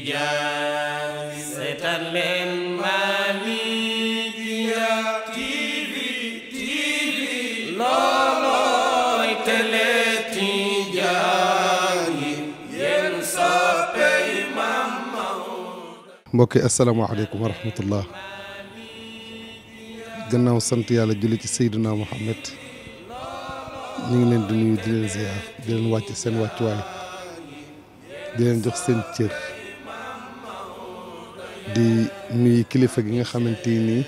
التجان ستر للمالكية تي في تي في لا لا تلتجاني ينسى بإمام mbokki asalaamaaleykum wa rahmatullah gannaaw sant yàlla julli ci Seydina Muhammad ñu ngi leen di nuyu di leen ziar di leen wàcc seen wàccuwaay di leen jox seen cër di nuyu kilifa gi nga xamante nii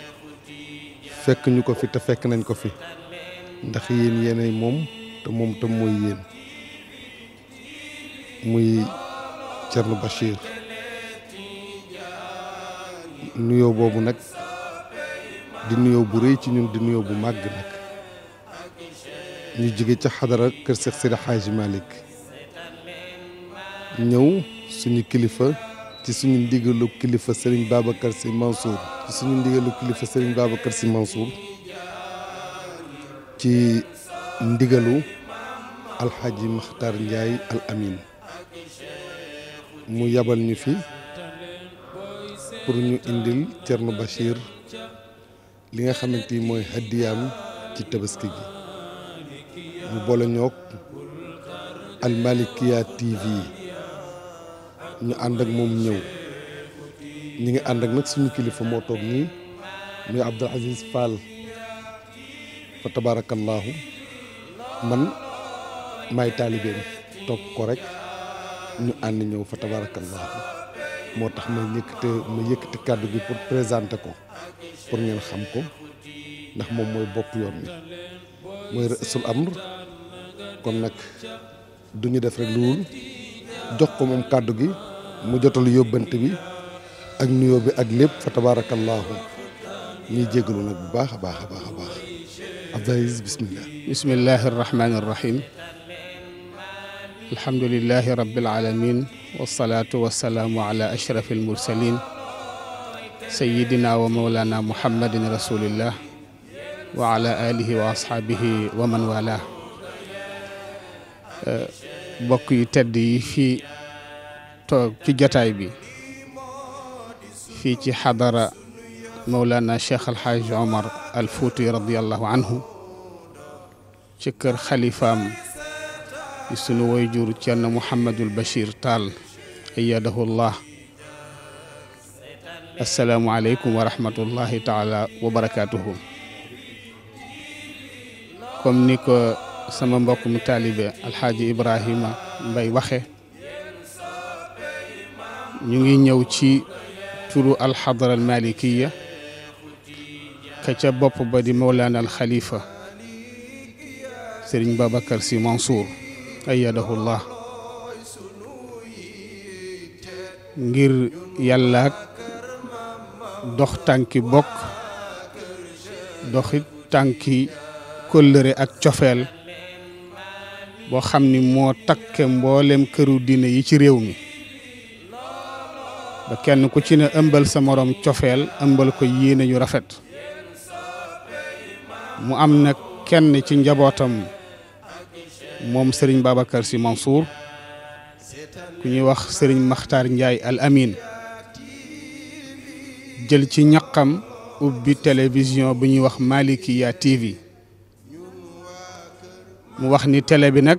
fekk ñu ko fi te fekk nañ ko fi ndax yéen yéenay moom te moom tam mooy yéen muy Thierno Bachir nuyo boobu nag di nuyoo bu rëy ci ñun di nuyoo bu màgg nag ñu jóge ca xadara kër Seex Sidi Xaaji Malick ñëw suñu kilifa ci suñu ndigalu kilifa Serigne Babacar Sy Mansour ci suñu ndigalu kilifa Serigne Babacar Sy Mansour ci ndigalu alxaji Makhtar Ndiaye al Amin mu yabal ñu fi pour ñu indil Thierno bashir li nga xamante ni mooy hadiyaam ci tabaski gi mu boole ñoog Al Malikia TV. ñu ànd ak moom ñëw ñu ngi ànd ak nag suñu kilifa moo toog nii muy Abdul Aziz Fall fa tabaarakallaahu man maay taalibeem toog ko rek ñu ànd ñëw fa tabaarakallaahu moo tax ma yëkkate ma yëkkati kàddu gi pour présenter ko pour ngeen xam ko ndax moom mooy bokk yoon mi mooy rësul amr kon nag du ñu def rek lu jox ko moom kàddu gi mu jotal yóbbante bi ak nuyoo bi ak lépp fa tabaarakallaahu ñuy jégalu nag bu baax a baax a baax a baax Abdou Aziz bismillah bismillahi arrahmani arrahim alhamdulilahi rabbil alamin wasalaatu wasalaamu ala ashrafi almursalin sayidina wa maulana muhammadin rasulillah wa ala alihi wa ashaabihi wa man wala mbokk yu tedd yi fii toog ci jotaay bi fi ci hadara Mawlana Cheikh Alxaaj Omar al Fuuti radiallahu anhu ci kër xalifaam di sunu wayjur Cerno Muhammadul bashir tal ayyadahu allah assalaamu aleykum wa rahmatullahi taala wa barakaatuhu comme ni ko sama mbokk mu taalibe alxaaji Ibrahima Mbay waxe ñu ngi ñëw ci turu alxadara almalikiya ka ca bopp ba di mawlaana alxalifa sëriñ babacar si mansour ayadahu llah ngir yàllaak dox tànki bokk doxit tànki kóllëre ak cofeel boo xam ni moo takke mboolem këru dina yi ci réew mi ba kenn ku ci ne ëmbal sa morom cofeel ëmbal ko yéene yu rafet mu am nag kenn ci njabootam moom Serigne Babacar Sy Mansour ku ñuy wax Serigne Makhtar Ndiaye Al Amin jël ci ñaqam ubbi télévision bu ñuy wax Malikiya TV mu wax ni télé bi nag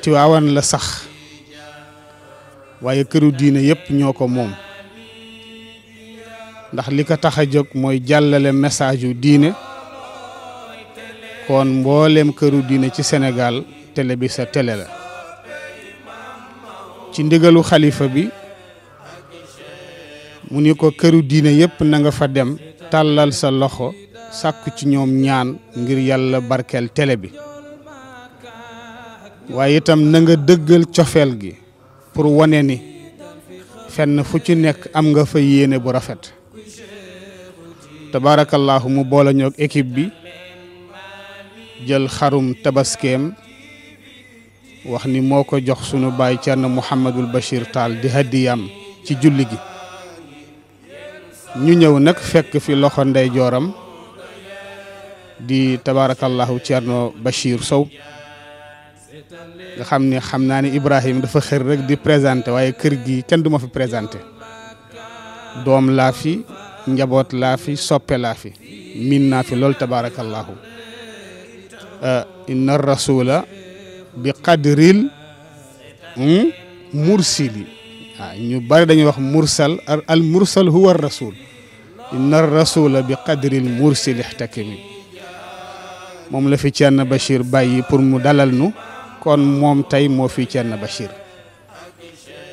Tiwaawan la sax waaye këru diine yëpp ñoo ko moom ndax li ko tax a jóg mooy jàllale message yu diine kon mboolem këru diine ci Sénégal tele bi sa tele la ci ndigalu xalifa bi mu ni ko këru diine yépp nanga fa dem tàllal sa loxo sàkku ci ñoom ñaan ngir yàlla barkeel tele bi waaye itam na nga dëggal cofeel gi pour wane ni fenn fu ci nekk am nga fa yéene bu rafet tabaarakallaahu mu boole ñoog équipe bi jël xarum tabaskeem wax ni moo ko jox sunu baay Cerno Mouhamadul Bachir Tall di haddiyam ci julli gi ñu ñëw nag fekk fi loxo ndeyjooram jooram di tabaarakallaahu Cerno Bachir Sow xamni xamnaani ibrahim dafa xër rek di présenté waye kër gi kenn duma fi présenté doom la fi njabot la fi soppe la fi miin fi lol tabarakallah inna rasula bi qadril mursili ñu bari dañuy wax mursal al mursal huwa rasul inna rasula bi qadril mursili ihtakimi moom la fi Thierno Bachir bàyyi pour mu dalal nu kon moom tey moo fi Thierno Bachir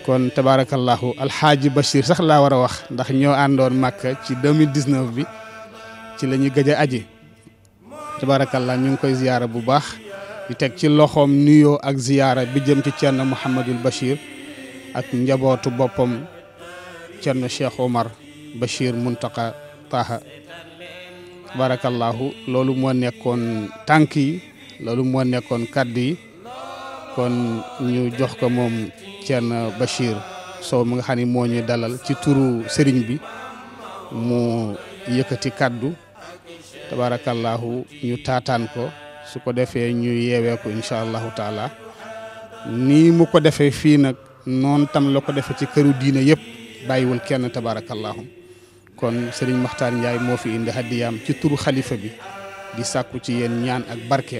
kon tabaarakallahu alxaaji Bachir sax laa war a wax ndax ñoo àndoon Màkka ci 2019 bi ci la ñu gëj a aji tabaarakallah ñu ngi koy ziyaara bu baax di teg ci loxoom nuyoo ak ziyaara bi jëm ci Thierno Mouhamadul Bachir ak njabootu boppam Thierno Cheikh Omar Bachir Muntaqa Taha tabaarakallahu loolu moo nekkoon tànk yi loolu moo nekkoon kàddu yi kon ñu jox ko moom Thierno bashir soo mi nga xam moo ñuy dalal ci turu sëriñ bi mu yëkkati kàddu tabaarakallaahu ñu taataan ko su ko defee ñu yeewee ko incha allahu taala nii mu ko defee fii nag noonu tam la ko defee ci këru diine yëpp bàyyiwul kenn tabaarakallaahu kon sëriñ Maxtaar Ndiaye moo fi indi hadiyaam ci turu xalifa bi di sàkku ci yéen ñaan ak barke.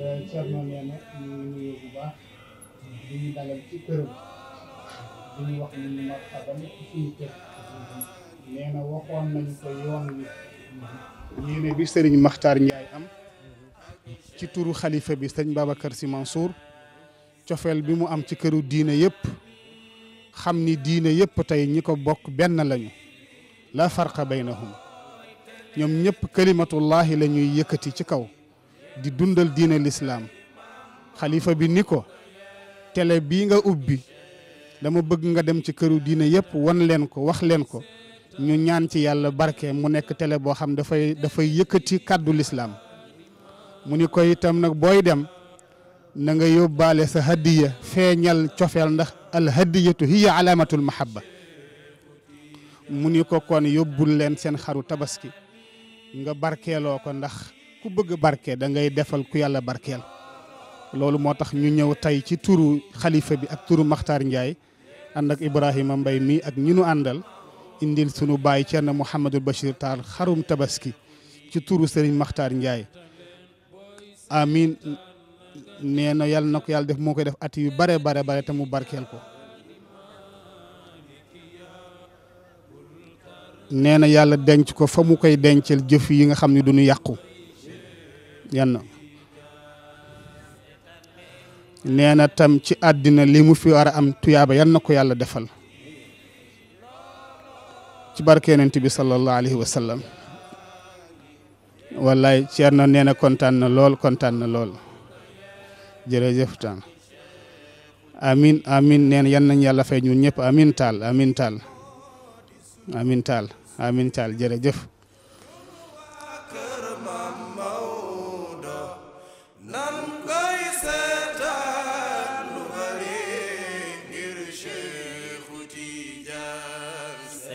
Euh, Thierno ci kër nee na waxoon nañu ko yoon wi yéene bi sëriñ Maxtaar Njaay am ci turu xalifa bi sëriñ Babacar Sy Mansour cofeel bi mu am ci këru diine yépp xam ni diine yëpp tey ñi ko bokk benn lañu la farqa baynahum ñoom ñëpp kalimatullahi la ñuy yëkkati ci kaw di dundal diine l'islam khalifa bi niko télé bi nga ubbi dama bëgg nga dem ci këru diine yëpp wan leen ko wax leen ko ñu ñaan ci yàlla barke mu nekk télé boo xam dafay dafay yëkkati kàddu l'islam mu ni ko itam nag booy dem na nga yóbbaale sa hadiya feeñal cofeel ndax al hadiyatu hiya alamatul mahabba mu ni ko kon yóbbul leen seen xaru tabaski nga barkeeloo ko ndax ku bëgg barke da ngay defal ku yàlla barkeel loolu moo tax ñu ñëw tey ci turu xalifa bi ak turu Makhtar Ndiaye ànd ak Ibrahima mbay mii ak ñi nu àndal indil sunu baay Thierno Mouhamadou Bachir Tall xarum tabaski ci turu Serigne Makhtar Ndiaye amin nee na yàlla na ko yàlla def moo koy def at yu bare bare bare te mu barkeel ko nee na yàlla denc ko fa mu koy denceel jëf yi nga xam ne du ñu yàqu yenn nee na tam ci àddina li mu fi war a am tuyaaba yan ko yàlla defal ci barke yonent bi sallallahu alayhi wa sallam wallaay Ceerno nee kontaan na lool kontaan na lool jërëjëf taan amin amin neen yan nañ yàlla fay ñun ñëpp amin taal amin taal amin taal amin taal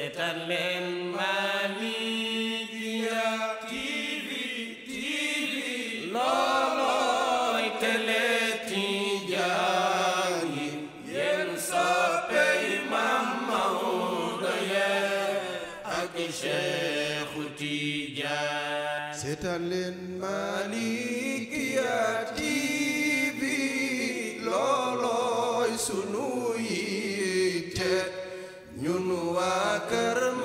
seetaan leen Malikia TV TV loolooy télé Tijaan yi yéen soppey Maam Maodo ak Cheikhu Tijaan Sakramento.